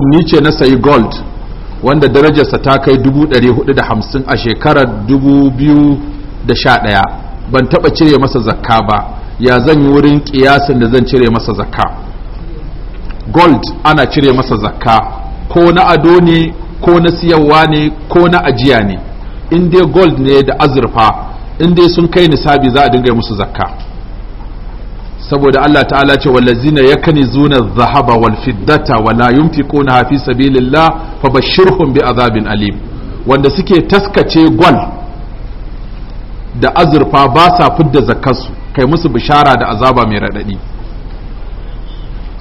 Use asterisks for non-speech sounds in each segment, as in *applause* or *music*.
alaikum ni ce na sayi gold wanda darajarsa ta kai 450 a shekarar 2011 ban taba cire masa zakka ba ya zan yi wurin kiyasin da zan cire masa zakka gold ana cire masa zakka ko na ado ne ko na siyarwa ne ko na ajiya ne inda gold ne da azurfa in sun kai nisabi za a dinga musu zakka saboda Allah ta'ala ce wallazina yakanizuna adh-dhahaba wal fiddata wa la yunfiquna fi sabilillah fabashshirhum bi azabin alim wanda suke taskace gwal da azurfa ba sa fidda zakansu kai musu bishara da azaba mai radadi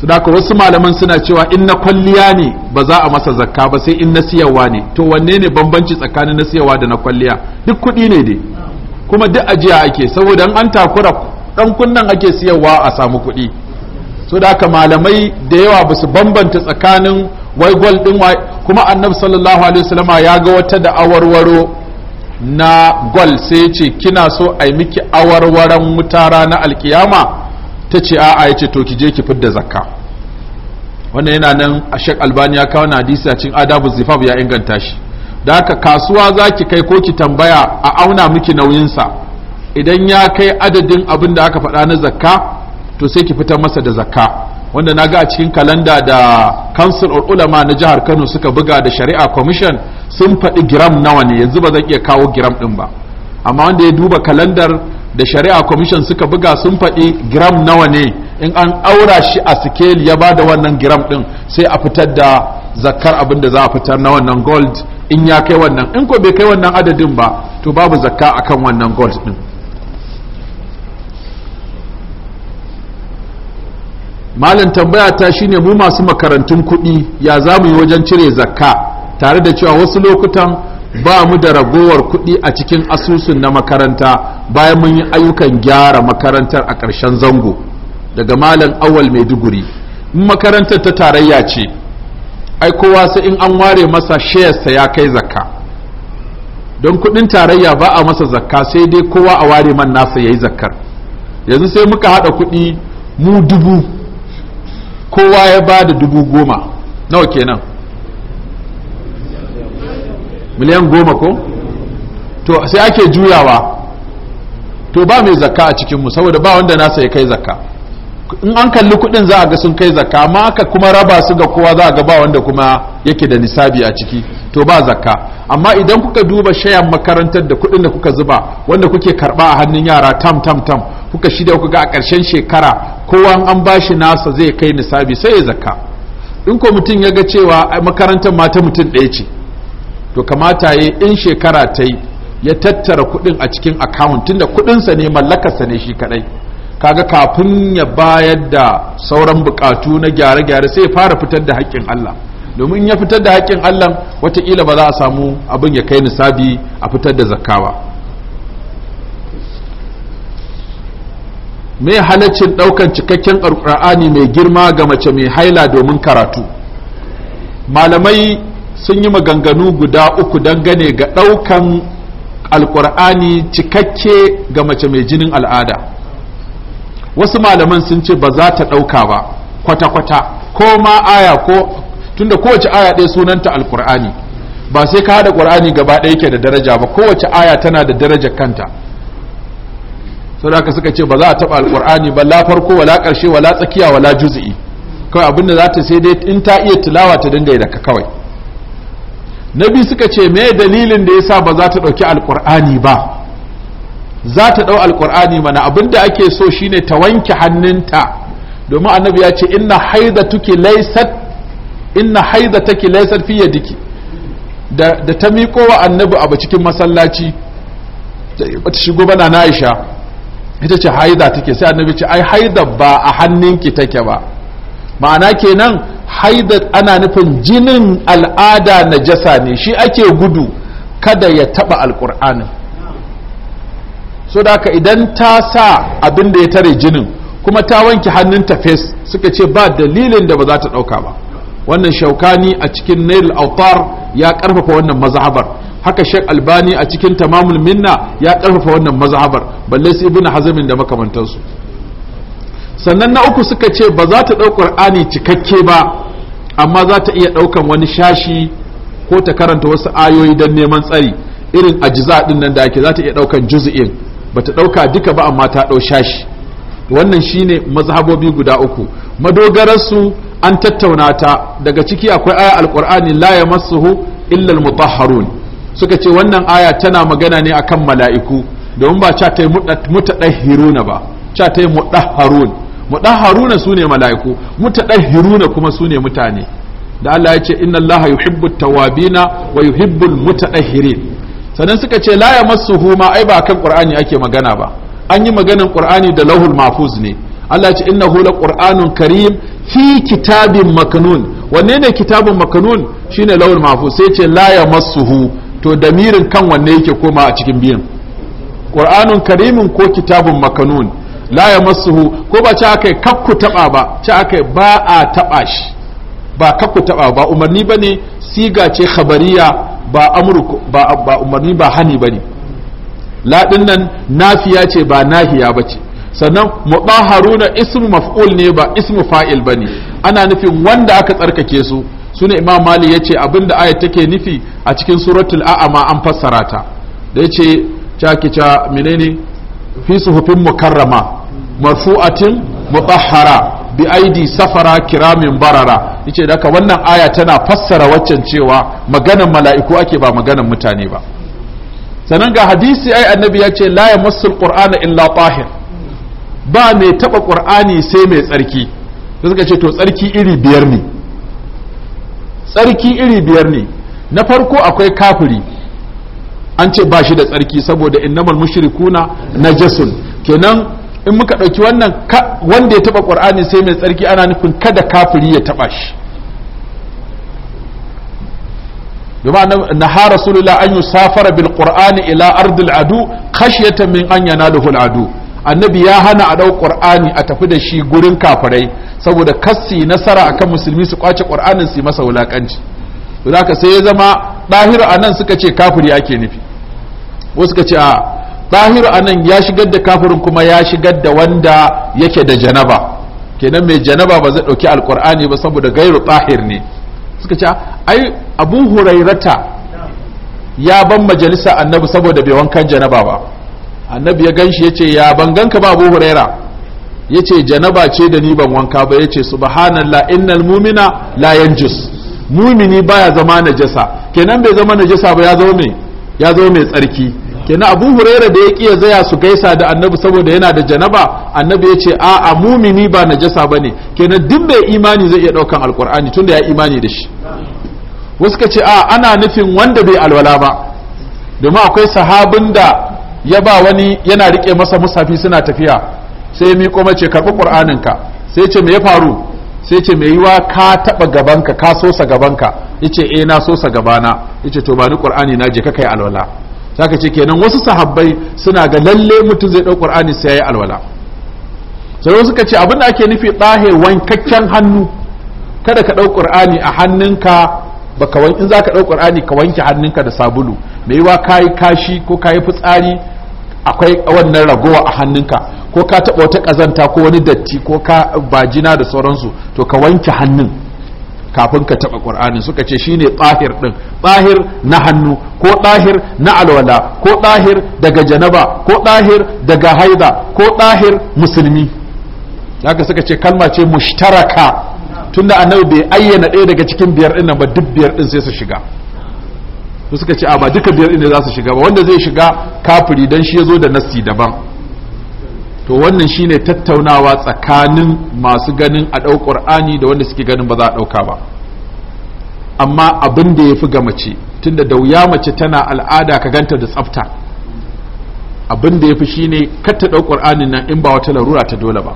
su wasu malaman suna cewa in na kwalliya ne ba za a masa zakka ba sai in na siyarwa ne to wanne ne bambanci tsakanin na siyarwa da na kwalliya duk kuɗi ne dai kuma duk ajiya ake saboda an takura dan kunnan ake siyarwa a samu kuɗi so da haka malamai da yawa ba su bambanta tsakanin wai gwal din wai kuma annabi sallallahu alaihi wasallama ya ga wata da awarwaro na gwal sai ce kina so a yi miki awarwaran wuta ranar alkiyama ta ce a'a ya ce to ki je ki fidda zakka wannan yana nan a shek albani ya kawo hadisi a cikin adabu zifaf ya inganta shi da haka kasuwa za ki kai ko ki tambaya a auna miki nauyinsa idan ya kai adadin abin da aka faɗa na zakka to sai ki fitar masa da zakka wanda na ga a cikin kalanda da council of ulama na jihar kano suka buga da shari'a commission sun faɗi giram nawa ne yanzu ba zan iya kawo giram ɗin ba amma wanda ya duba kalandar da shari'a commission suka buga sun faɗi giram nawa ne in an aura shi a scale ya bada wannan giram ɗin sai a fitar da zakkar abin da za a fitar na wannan gold in ya kai wannan in ko bai kai wannan adadin ba to babu zakka akan wannan gold ɗin malam tambaya ta shine mu masu makarantun kuɗi ya za mu yi wajen cire zakka tare da cewa wasu lokutan ba mu da ragowar kuɗi a cikin asusun na makaranta bayan mun yi ayyukan gyara makarantar a ƙarshen zango daga malam awal maiduguri in makarantar ta tarayya ce ai kowa sai in an ware masa shayarsa ya kai zakka don kuɗin tarayya ba a masa zakka sai dai kowa a ware man nasa ya yi zakkar yanzu sai muka haɗa kuɗi mu dubu kowa ya ba da dubu goma nawa kenan miliyan goma ko to sai ake juyawa to ba mai zakka a cikinmu saboda ba wanda nasa ya kai zakka in an kalli kudin za a ga sun kai zakka ma aka kuma raba su ga kowa za a ga ba wanda kuma yake da nisabi a ciki to ba zakka amma idan kuka duba shayan makarantar da kuɗin da kuka zuba wanda kuke karɓa a hannun yara tam tam tam kuka shida kuka ga a ƙarshen shekara kowa an bashi nasa zai kai nisabi sai ya zakka in ko mutum ya ga cewa makarantar mata mutum ɗaya ce to kamata ya in shekara ta yi ya tattara kuɗin a cikin akawun tunda kuɗinsa ne mallakarsa ne shi kaɗai kaga kafin ya bayar da sauran buƙatu na gyare-gyare sai ya fara fitar da haƙƙin Allah domin ya fitar da haƙƙin Allah wataƙila ba za a samu abin ya kai nisabi a fitar da zakka Mai halaccin ɗaukan cikakken alƙur'ani mai girma ga mace mai haila domin karatu malamai sun yi maganganu guda uku dangane ga ɗaukan alƙur'ani cikakke ga mace mai jinin al'ada wasu malaman sun ce ba za ta ɗauka ba kwata-kwata ko ma aya ko tunda kowace aya ɗaya sunanta alkur'ani ba sai ka haɗa ƙur'ani gaba ɗaya yake da daraja ba kowace aya tana da darajar kanta da suka ce ba za a taɓa alkur'ani ba la farko wala ƙarshe wala tsakiya wala juzi'i kawai abin da za ta sai dai in ta iya tilawa ta dinga da ka kawai na biyu suka ce me dalilin da yasa ba za ta ɗauki alkur'ani ba za ta ɗau alkur'ani mana abin da ake so shine ta wanke hannunta domin annabi ya ce inna haidatuki laysat inna haida take laisar fi yadiki da da ta miƙo wa annabi abu cikin masallaci ta shigo bana na Aisha ita ce haida take sai annabi ce ai haida ba a hannunki take ba ma'ana kenan haida ana nufin jinin al'ada na jasa ne shi ake gudu kada ya taba alqur'anin so da haka idan ta sa abin da ya tare jinin kuma ta wanke hannunta fes suka ce ba dalilin da ba za ta ɗauka ba wannan shaukani a cikin nail autar ya karfafa wannan mazhabar haka shek albani a cikin tamamul minna ya karfafa wannan mazhabar balle su ibnu hazamin da makamantansu sannan na uku suka ce ba za ta ɗau ƙur'ani cikakke ba amma za ta iya ɗaukan wani shashi ko ta karanta wasu ayoyi don neman tsari irin ajiza ɗin nan da ake za ta iya ɗaukan juzu'in ba ta ɗauka duka ba amma ta ɗau shashi wannan shine mazhabobi guda uku madogararsu an tattauna ta daga ciki akwai aya alqur'ani la yamassuhu illa almutahharun suka ce wannan aya tana magana ne akan mala'iku domin ba cha ta mutadahhiruna ba cha ta mutahharun mutahharuna sune mala'iku mutadahhiruna kuma sune mutane da Allah ya ce inna Allah yuhibbu tawabina wa yuhibbu almutadahhirin sannan suka ce la yamassuhu ma ai ba kan qur'ani ake magana ba an yi maganan qur'ani da lauhul mahfuz ne Allah ce innahu qur'anun karim fi kitabin makanun wanne ne kitabin makanun shine lawul mafu sai ce la yamassuhu to damirin kan wanne yake koma a cikin biyan qur'anun karimin ko kitabun makanun la yamassuhu ko ba ci akai kakku taba ba ci ba a taba shi ba kakku taba ba umarni bane siga ce khabariya ba amru ba, ba umarni ba hani bane la nan nafiya ce ba nahiya bace sannan na ismu maf'ul ne ba ismu fa'il bane ana nufin wanda aka tsarkake su sune imam mali yace abinda ayat take nufi a cikin suratul a'ama an fassara ta da yace cakica menene fi suhufin mukarrama marfu'atin mutahhara bi aidi safara kiramin barara yace daga wannan aya tana fassara waccan cewa maganan mala'iku ake ba maganan mutane ba Sannan ga hadisi ai annabi yace ce la yamassul qur'ana illa tahir ba mai taba qur'ani sai mai tsarki sai suka ce to tsarki iri biyar ne tsarki iri biyar ne na farko akwai kafiri an ce ba shi da tsarki saboda innamal mushrikuna najasun kenan in muka ɗauki wannan wanda ya taba qur'ani sai mai tsarki ana nufin kada kafiri ya taba shi bima naha rasulullah an safara bil qur'ani ila ardul adu khashyatan min an yanaluhu al adu annabi ya hana a ɗau ƙur'ani a tafi da shi gurin kafirai saboda kassi nasara akan musulmi su kwace ƙur'anin su masa wulaƙanci to haka sai ya zama ɗahiru a nan suka ce kafiri ake nufi ko suka ce a ɗahiru a nan ya shigar da kafirin kuma ya shigar da wanda yake da janaba kenan mai janaba ba zai ɗauki alƙur'ani ba saboda gairu ɗahir ne suka ce ai abu hurairata ya ban majalisa annabi saboda bai wankan janaba ba annabi ya ganshi yace ya ban ganka ba Abu Huraira yace janaba ce da ni ban wanka ba yace subhanallah innal mu'mina la yanjus mumini baya zama najasa kenan bai zama najasa ba ya zama mai ya zo me tsarki kenan Abu Huraira da ya kiya zaya su gaisa da annabi saboda yana da janaba annabi yace a a mumini ba najasa bane kenan duk mai imani zai iya daukan alkur'ani tunda ya imani da shi wasu ka ce a ana nufin wanda bai alwala ba domin akwai sahabin da ya ba wani yana rike masa musafi suna tafiya sai ya miƙo mace karɓi ƙur'aninka sai ce me ya faru sai ce mai yiwa ka taɓa gabanka ka sosa gabanka yace eh na sosa gabana yace to ba ni ƙur'ani na je ka kai alwala zaka ce kenan wasu sahabbai suna ga lalle mutum zai ɗau ƙur'ani sai yayi alwala sai wasu suka ce abin da ake nufi ɗahe wankakken hannu kada ka ɗau ƙur'ani a hannunka baka wanki in zaka ɗau ƙur'ani ka wanke hannunka da sabulu mai yiwa ka yi kashi ko ka yi fitsari akwai wannan ragowa a hannunka ko ka taɓa wata ƙazanta ko wani datti ko ka bajina da sauransu to ka wanke hannun kafin ka taɓa ƙur'anin suka ce shine tsahir ɗin tsahir na hannu ko ɗahir na alwala ko ɗahir daga janaba ko ɗahir daga haida ko ɗahir musulmi haka suka ce kalma ce mushtaraka tunda annabi bai ayyana ɗaya daga cikin biyar ɗin nan ba duk biyar ɗin sai su shiga su suka ce a ba duka biyar inda za su shiga ba wanda zai shiga kafiri dan shi ya zo da nassi daban to wannan shine tattaunawa tsakanin masu ganin a ɗau ƙur'ani da wanda suke ganin ba za a ɗauka ba amma abin da ya fi ga mace tunda da wuya mace tana al'ada ka ganta da tsafta abin da ya fi shine kar ta ɗau ƙur'anin nan in ba wata larura ta dole ba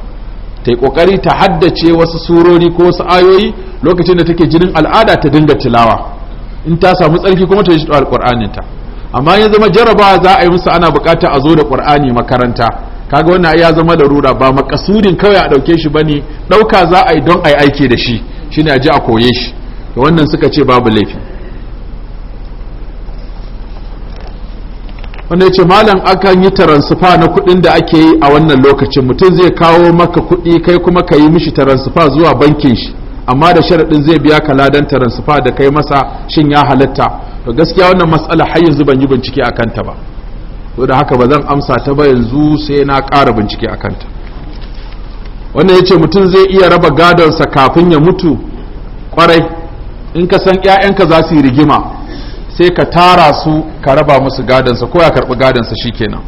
ta yi ƙoƙari ta haddace wasu surori ko wasu ayoyi lokacin da take jinin al'ada ta dinga tilawa in ta samu tsarki kuma ta yi shi alƙur'anin ta amma ya zama jarrabawa za a yi musu ana bukata a zo da ƙur'ani makaranta kaga wannan ya zama da rura ba makasudin kawai a ɗauke shi bane ɗauka za a yi don a yi aiki da shi shine a ji a koye shi da wannan suka ce babu laifi wanda ce malam akan yi taransifa na kuɗin da ake yi a wannan lokacin mutum zai kawo maka kuɗi kai kuma ka yi mishi taransifa zuwa bankin shi amma da sharaɗin zai biya ka ladan taransifa da kai masa shin ya halatta to gaskiya wannan matsala har yanzu ban yi bincike a kanta ba to da haka ba zan amsa ta ba yanzu sai na ƙara bincike a kanta wannan ya ce mutum zai iya raba gadonsa kafin ya mutu kwarai in ka san 'ya'yanka za su yi rigima sai ka tara su ka raba musu gadonsa ko ya karɓi gadonsa shikenan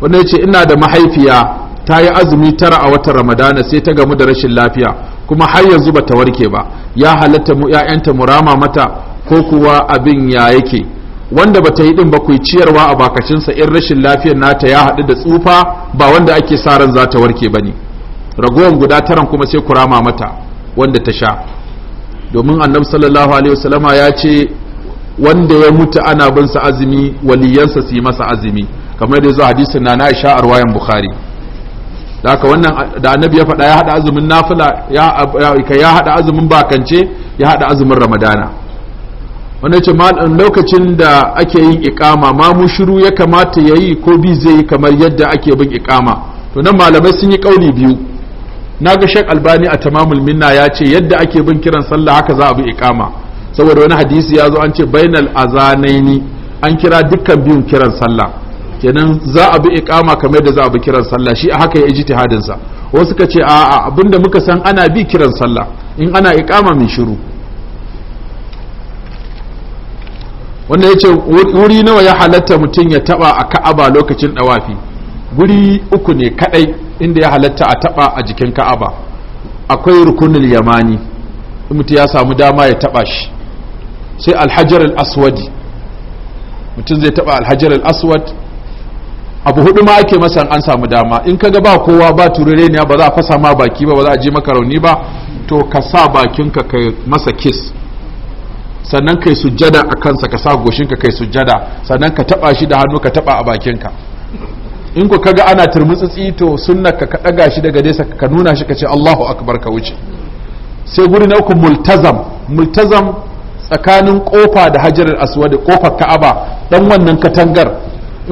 wannan ya ce ina da mahaifiya ta yi azumi tara a watan ramadana sai ta gamu da rashin lafiya kuma har yanzu bata warke ba ya halatta mu ya'yanta mu rama mata ko kuwa abin ya yake wanda bata yi din ba ku ciyarwa a bakacinsa in rashin lafiyar nata ya haɗu da tsufa ba wanda ake sa ran za ta warke ba ne ragowar guda tara kuma sai ku rama mata wanda ta sha domin annabi sallallahu alaihi wasallama ya ce wanda ya mutu ana bin sa azumi waliyansa su yi masa azumi kamar da ya zo hadisin na na isha a bukhari da haka wannan da annabi ya faɗa ya haɗa azumin nafila ya haɗa azumin bakance ya haɗa azumin ramadana wanda ce lokacin da ake yin ikama ma mu shiru ya kamata yayi ko bi zai yi kamar yadda ake bin ikama to nan malamai sun yi ƙauli biyu na ga shek albani a tamamul minna ya ce yadda ake bin kiran sallah haka za a bi ikama saboda wani hadisi ya zo an ce bainal azanaini an kira dukkan biyun kiran sallah kenan za a bi iqama kamar da za a bi kiran sallah shi a haka ya ijtihadin sa wasu ka ce a'a abinda muka san ana bi kiran sallah in ana iqama min shiru wanda yace wuri nawa ya halatta mutum ya taba a Ka'aba lokacin dawafi guri uku ne kadai inda ya halatta a taba a jikin Ka'aba akwai rukunul yamani mutum ya samu dama ya taba shi sai alhajar al-aswadi mutum zai taba alhajar al-aswad abu hudu ma ake masa an samu dama in kaga ba kowa ba ne ba za a fasa ma baki ba ba za a je maka rauni ba to ka sa bakinka ka masa kiss sannan kai sujjada a kansa ka sa goshinka kai sujjada sannan ka taba shi da hannu ka taba a bakinka in ku kaga ana turmutsitsi to sunna ka daga shi daga nesa ka nuna shi ka ce Allahu akbar ka wuce sai guri na uku multazam multazam tsakanin kofa da hajarar aswad kofar ka'aba dan wannan katangar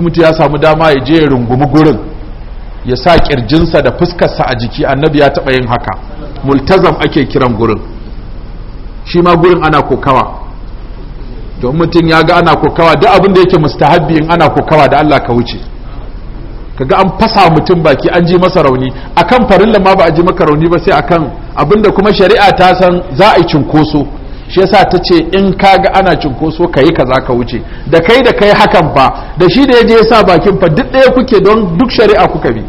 in ya samu dama ya je ya rungumi gurin ya sa kirjinsa da fuskarsa a jiki annabi ya taɓa yin haka multazam ake kiran gurin shi ma gurin ana kokawa don mutum ya ga ana kokawa duk abin da yake mustahabbi in ana kokawa da Allah ka wuce kaga an fasa mutum baki an ji masa rauni akan farin ma ba a ji maka rauni ba sai akan abinda kuma shari'a ta san za a yi cinkoso shi yasa ta ce in kaga ana cinkoso ka yi kaza ka wuce da kai da kai hakan fa da shi da ya je bakin fa duk ɗaya kuke don duk shari'a kuka bi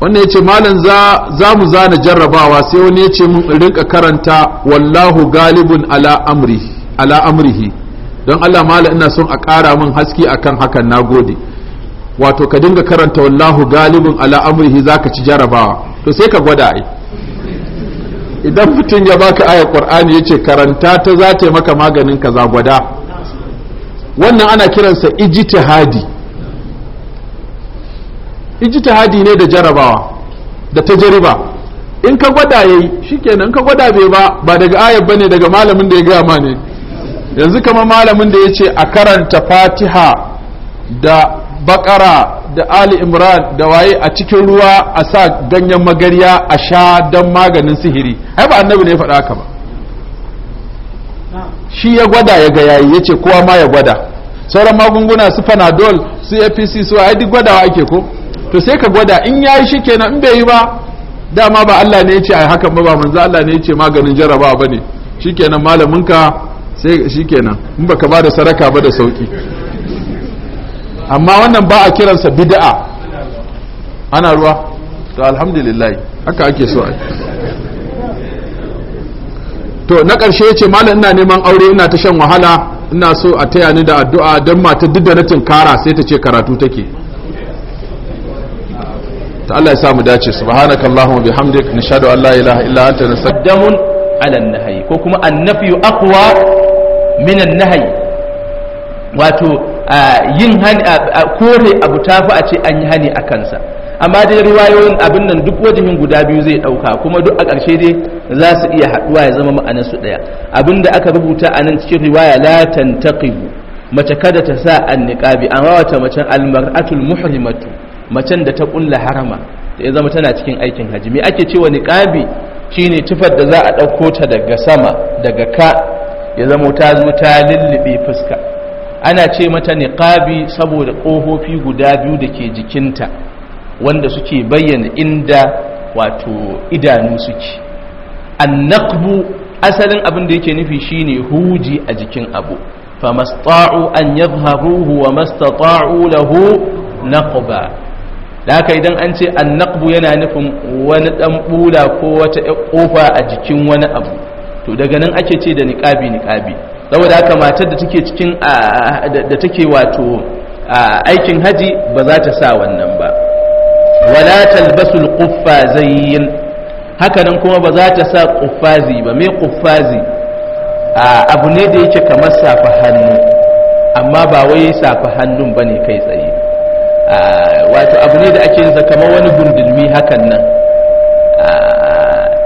wanda ya ce malam za mu zana jarrabawa sai wani ya ce mun rinka karanta wallahu galibin ala amrihi don allah malam ina son a ƙara min haske akan hakan na gode wato ka dinga karanta wallahu galibin ala amrihi zaka ci jarabawa to sai ka gwada ai idan mutum ya baka ayar qur'ani yace karanta ta za ta maka maganin kaza gwada wannan ana kiransa ijtihadi ijtihadi ne da jarabawa da tajriba in ka gwada yayi shikenan in ka gwada bai ba ba daga ayar bane daga malamin da ya ga ma ne yanzu kamar malamin da yace a karanta fatiha da bakara da ali imran da waye a cikin ruwa a sa ganyen magarya a sha don maganin sihiri ai ba annabi ne ya faɗa haka ba shi ya gwada ya ga yayi yace kowa ma ya gwada sauran magunguna su panadol su apc su ai duk gwadawa ake ko to sai ka gwada in yayi shikenan in bai yi ba dama ba Allah ne yace ai haka ba ba manzo Allah ne yace maganin jarabawa bane shikenan malamin ka sai shikenan in baka ba da saraka ba da sauki amma wannan ba a kiransa bid'a ana ruwa to alhamdulillah haka ake so to na ƙarshe ya ce malam ina neman aure ina ta shan wahala ina so a taya ni da addu'a don mata duk da na tunkara sai ta ce karatu take ta Allah ya sa mu dace subhanaka allahumma bihamdik nashhadu an la ilaha illa anta nasaddamun ala an-nahyi ko kuma an-nafyu aqwa min an-nahyi wato yin hani kore abu tafi a ce an yi hani a kansa amma dai riwayoyin abin nan duk wajihin guda biyu zai dauka kuma duk a ƙarshe dai za su iya haɗuwa ya zama ma'anar su ɗaya abin da aka rubuta a nan cikin riwaya la tantaqibu mace kada ta sa an niqabi amma wata mace almar'atul muhrimatu macen da ta kulla harama da ya zama tana cikin aikin haji me ake cewa niqabi shine tufar da za a ɗauko ta daga sama daga ka ya zama ta zo ta lullube fuska ana ce mata niqabi saboda ƙofofi guda biyu da ke jikinta wanda suke bayyana inda wato idanu suke annaqbu asalin abin da yake nufi shine huji a jikin abu famasta'u an yadhharuhu wa mastata'u lahu naqba da idan an ce annaqbu yana nufin wani dan bula ko wata kofa a jikin wani abu to daga nan ake ce da niqabi niqabi saboda haka matar da take cikin da take wato aikin haji ba za ta sa wannan ba wala talbasul quffazayn hakanan kuma ba za ta sa quffazi ba me quffazi abu ne da yake kamar safa hannu amma ba wai safa hannun bane kai tsaye wato abu ne da ake yin kamar wani gundulmi hakan nan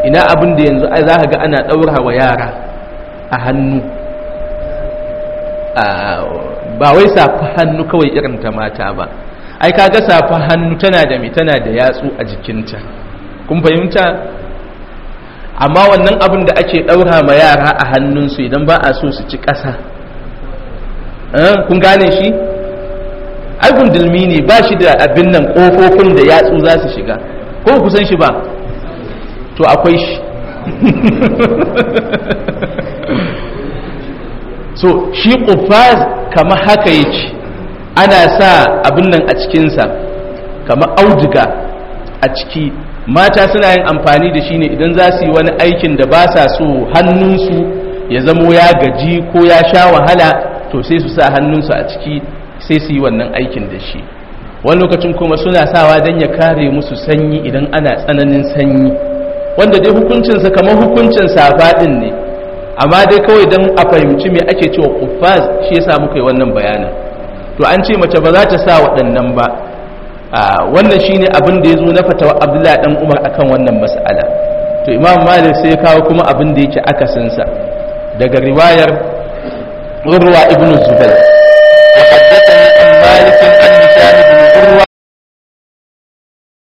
ina abin da yanzu za ka ga ana ɗaura wa yara a hannu ba wai safa hannu kawai irin ta mata ba ai kaga safa hannu tana da mai tana da yatsu a jikinta kun fahimta amma wannan abin da ake ɗaura ma yara a hannunsu idan ba a so su ci ƙasa eh, kun gane shi ai dulmi ne ba shi da abin nan ƙofofin da yatsu za su shiga ko kusan shi ba to akwai shi *laughs* so shi ƙufaz kama haka ci ana sa abin nan a cikinsa kama auduga a ciki mata suna yin amfani da shi ne idan za su yi wani aikin da ba sa so hannunsu ya zamo ya gaji ko ya sha wahala to sai su sa hannunsu a ciki sai su yi wannan aikin da shi wani lokacin kuma suna sawa don ya kare musu sanyi idan ana tsananin sanyi wanda dai hukuncinsa kamar hukuncin safaɗin ne amma dai kawai don a fahimci mai ake cewa kuffaz shi yasa muka yi wannan bayanan to an ce mace ba za ta sa waɗannan ba wannan shi ne abin da ya zo na fatawa abdullah ɗan umar a kan wannan mas'ala to imam malik sai ya kawo kuma abin da yake akasinsa daga riwayar urwa ibn zubair وحدثني عن مالك عن هشام بن عروه